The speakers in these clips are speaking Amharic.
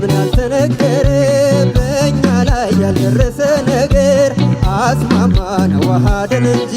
ምን አልተነገረ በእኛ ላይ ያልደረሰ ነገር አስማማን ዋሃደን እንጂ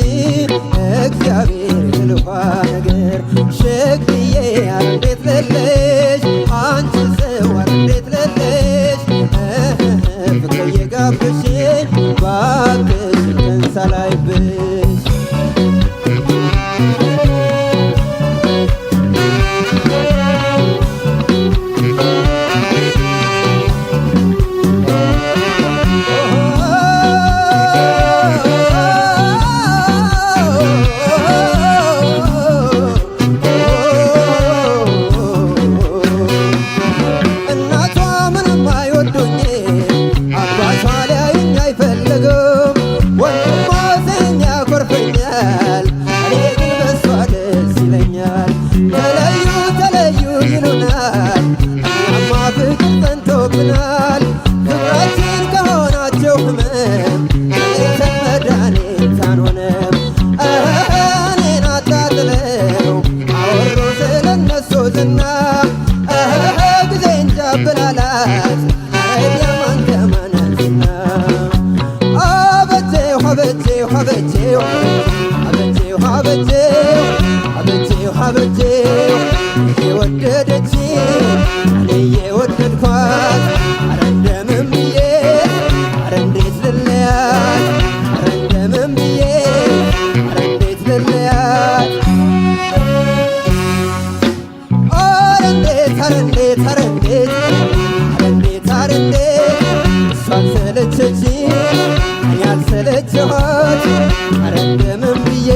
go. ሀበጄ የወደደች እኔ የወደድኳት አረ እንደምን ብዬ አረ እንዴት ልለያት አረ እንደምን ብዬ አረ እንዴት ልለያት አረ እንዴት አረ እንዴት አረ እንዴት እሷን ሰለቸች እኔ አልሰለቸኋት አረ ብዬ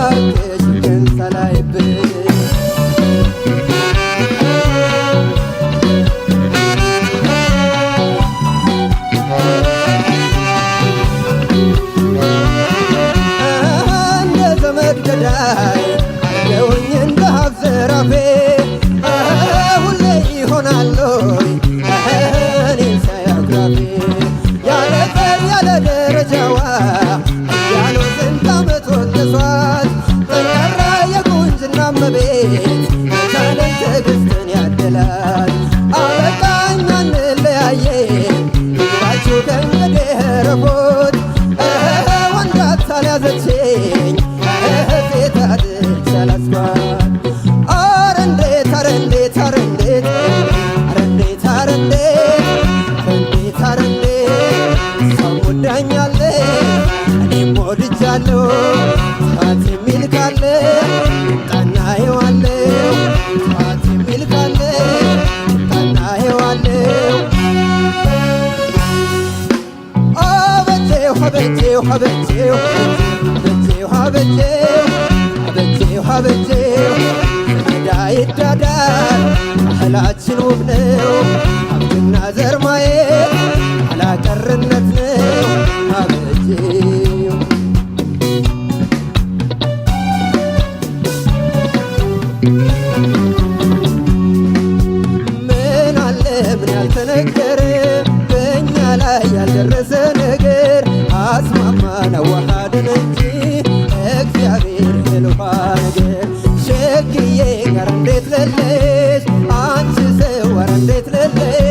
ላርቅሽ ግን ሰላይ ካለው ቃናየዋለው ጧት የሚል ካለው ቃናየዋለው አበቴው አበቴው አበቴው አበቴው አበቴው አበቴው አበቴው ሰነዳ ይዳዳል ባህላችን ውብ ነው ሀብትና ዘር ማየት ተነገረ በእኛ ላይ ያልደረሰ ነገር አስማማን አዋሃደን እንጂ እግዚአብሔር ነገር ሸክዬ ጋር እንዴት ለለሽ አንቺ ሰው እንዴት ለለሽ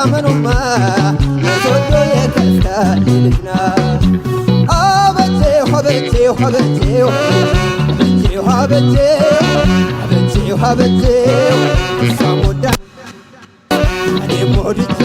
ታመኑማ ቶዶ የከፍታ ልጅና አበቴ ሆበቴ ሆበቴ ሆበቴ ሆበቴ ሆበቴ ሆበቴ ሳሞዳ እኔ ሞድቼ